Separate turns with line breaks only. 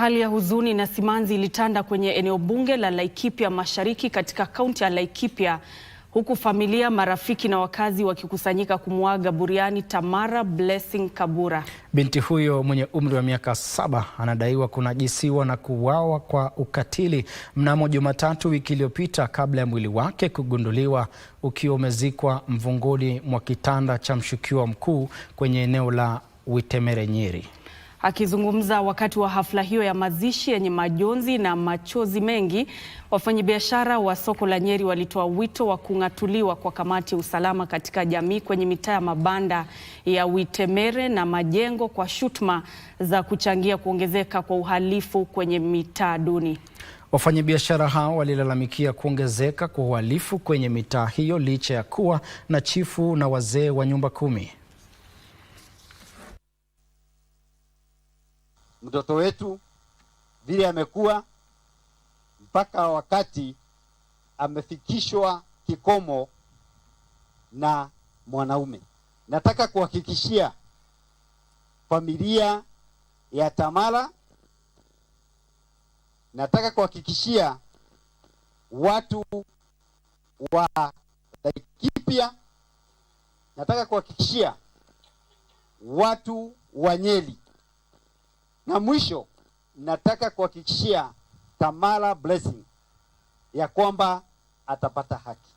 Hali ya huzuni na simanzi ilitanda kwenye eneo bunge la Laikipia Mashariki katika kaunti ya Laikipia huku familia, marafiki na wakazi wakikusanyika kumuaga buriani Tamara Blessing Kabura.
Binti huyo mwenye umri wa miaka saba anadaiwa kunajisiwa na kuuawa kwa ukatili mnamo Jumatatu wiki iliyopita kabla ya mwili wake kugunduliwa ukiwa umezikwa mvunguni mwa kitanda cha mshukiwa mkuu kwenye eneo la Witemere, Nyeri.
Akizungumza wakati wa hafla hiyo ya mazishi yenye majonzi na machozi mengi, wafanyabiashara wa soko la Nyeri walitoa wito wa kung'atuliwa kwa kamati ya usalama katika jamii kwenye mitaa ya mabanda ya Witemere na Majengo kwa shutuma za kuchangia kuongezeka kwa uhalifu kwenye mitaa duni.
Wafanyabiashara hao walilalamikia kuongezeka kwa uhalifu kwenye mitaa hiyo licha ya kuwa na chifu na wazee wa nyumba kumi.
mtoto wetu vile amekuwa mpaka wakati amefikishwa kikomo na mwanaume. Nataka kuhakikishia familia ya Tamara, nataka kuhakikishia watu wa Laikipia, nataka kuhakikishia watu wa Nyeri na mwisho nataka kuhakikishia Tamara Blessing ya kwamba atapata haki.